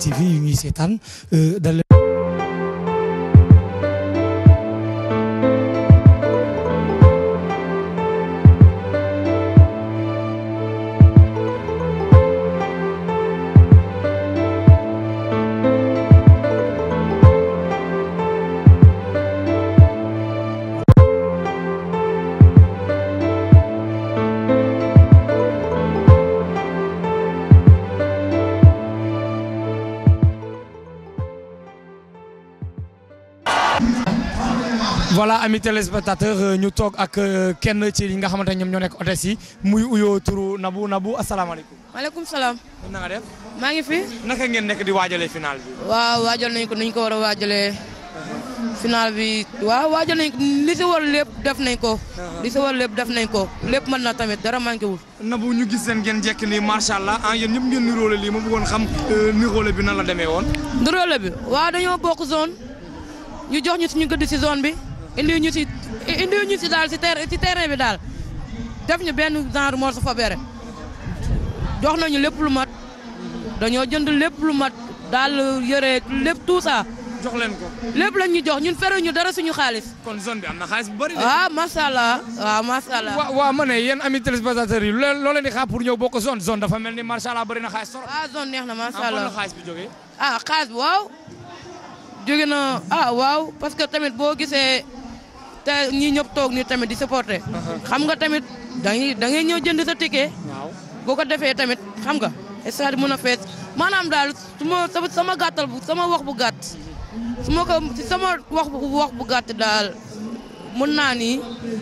TV yu ñuy seetaan euh, dal voilà amis téléspectateurs euh, ñu toog ak euh, kenn ci li nga xamante ñoom ñoo nekk hôtesse yi muy uyoo turu Nabou Nabou asalaamaaleykum. maaleykum salaam. na maa ngi fi. naka ngeen nekk di waajalee final bi. waaw waajal nañ ko nuñ ko war a waajalee. final bi waaw waajal nañ ko li si war lépp def nañ ko. Uh-huh. li si war def nañ ko lépp mën na tamit dara manqué wul. Nabou ñu gis seen ngeen jekk nii macha allah ah yéen ñëpp ngeen niroole lii ma bëggoon xam euh, niroole bi nan la demee woon. niroole bi waaw dañoo bokk zone ñu jox ñu suñu gëdd si zone bi. indi ñu ci indi ñu ci daal ci terrain bi daal def ñu benn genre morceau fobere jox nañu lépp lu mat dañoo jënd lépp lu mat daal yëre lépp tout ça. jox leen ko. lépp lañ ñu jox ñun fere ñu dara suñu xaalis. kon zone bi am na xaalis bu bëri de. ah macha allah waaw ah, macha allah. waaw ma ne yéen amis téléspectateurs yi loo leen di xaar pour ñëw bokk zone zone dafa mel ni macha allah bëri na xaalis trop. ah zone neex na macha ah, allah ah xaalis bi jógee. ah xaalis bi waaw. jóge na ah waaw parce que tamit boo gisee. te ñi ñëpp toog ni tamit di supporter. xam nga tamit da ngay ñëw jënd sa ticket. boo ko defee tamit xam nga stade mun a fees maanaam daal su ma sama gàttal sama wax bu gàtt suma ko sama wax bu wax bu gàtt daal. mën naa ni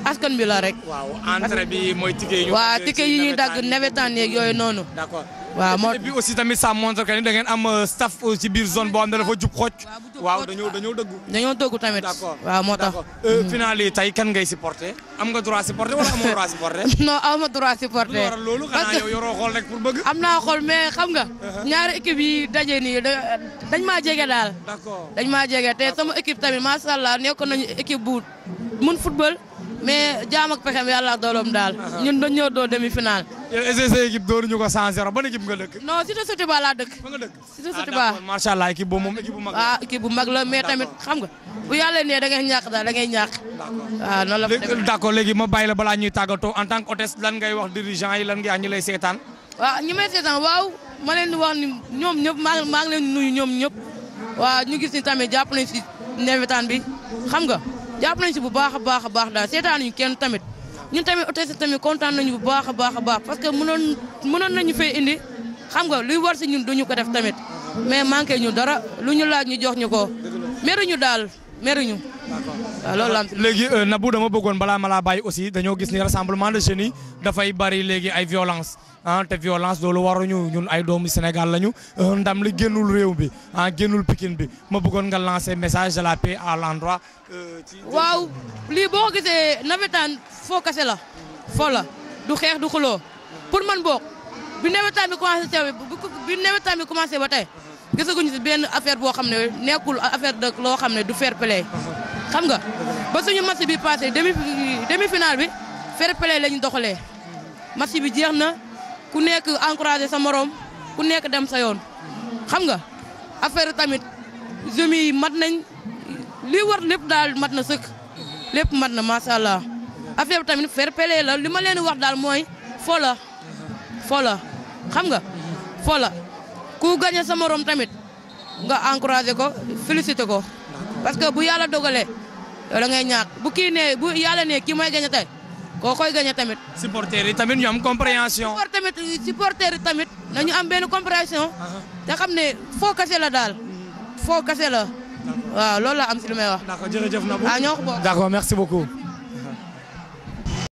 askan bi la rek. waaw entrée bi mooy ticket yi. waa ticket yi ñuy dagg nawetaan yeeg yooyu noonu. d'accord. waaw moo et aussi tamit ça montre ni da ngeen am euh, staff ci biir zone boo xam ne dafa jub xoj. waaw dañoo dañoo dëggu. dañoo dëggu tamit. waaw moo tax. Euh, mm-hmm. final yi tey kan ngay supporter. am nga droit supporter wala amoo droit supporter. non aw ma am naa xool mais xam nga. Uh-huh. ñaari équipe yi daje nii dañ maa jege daal. d'accord dañ maa jege te sama équipe tamit macha allah nekkoon nañ équipe bu mun football. mais jaam ak pexem yàlla dooloom daal. ñun dañu ñëw doon demi final. yéen SSC équipe dooruñu ko 100 0 ban équipe nga dëkk. non Cité Sotiba laa dëkk. dëkk Cité Sotiba ah macha allah équipe boobu moom équipe bu mag la. ah bu mag la mais tamit xam nga. bu yàlla nee dangay ngay ñàkk daal da ngay ñàkk. waaw ah, noonu la fa demee d'accord léegi ma bàyyi la balaa ñuy tàggatoo en tant que hôtesse lan ngay wax dirigeant yi lan ngay ñi lay seetaan. waaw ah, ñi may seetaan waaw ma leen di wax ni ñoom ñëp maa maa ngi leen di nuyu ñoom ñëpp waaw ñu gis ni tamit jàpp nañ si neefitaan bi xam nga jàpp nañ si bu baax a baax a baax daal ñu kenn tamit ñu tamit hôtesse tamit kontaan nañu bu baax a baax a baax parce que mënoon mënoon nañu fay indi xam nga luy war si ñun duñu ko def tamit mais manqué ñu dara lu ñu laaj ñu jox ñu ko meruñu daal meruñu. waaw loolu la am. léegi euh, Nabou dama bëggoon balaa ma laa bàyyi aussi dañoo gis ni rassemblement de jeunes yi dafay bari léegi ay violence ah te violence loolu waruñu ñun ay doomu Sénégal lañu euh, ndam li génnul réew bi ah génnul Pikine bi ma bëggoon nga lancer message de la paix à l'endroit. Euh, waaw lii boo gisee nawetaan foo kase la. foo la du xeex du xuloo pour man boog bi nawetaan bi commencé commencé ba tey. gisaguñu si benn affaire boo xam ne nekkul affaire de loo xam ne du fair xam nga ba suñu match bi passé demi demi final bi fair play lañu doxalee match bi jeex na ku nekk encouragé sa morom ku nekk dem sa yoon xam nga affaire tamit jeunes mat nañ li war lépp daal mat na sëkk lépp mat na macha allah affaire tamit fair play la li ma leen wax daal mooy fo foola xam nga fo ku gagné sa morom tamit nga encouragé ko félicité ko parce que bu yàlla dogalee yow da ngay ñaax bu kii nee bu yàlla nee kii mooy gagné tey koo koy gagné tamit. supporters yi tamit ñoom am compréhension. supporters yi tamit nañu am benn compréhension. te xam ne foo kase la daal foo kase la. waaw loolu la am si li may wax. d'accord jërëjëf Nabou. ah ñoo ko bokk. d'accord merci beaucoup.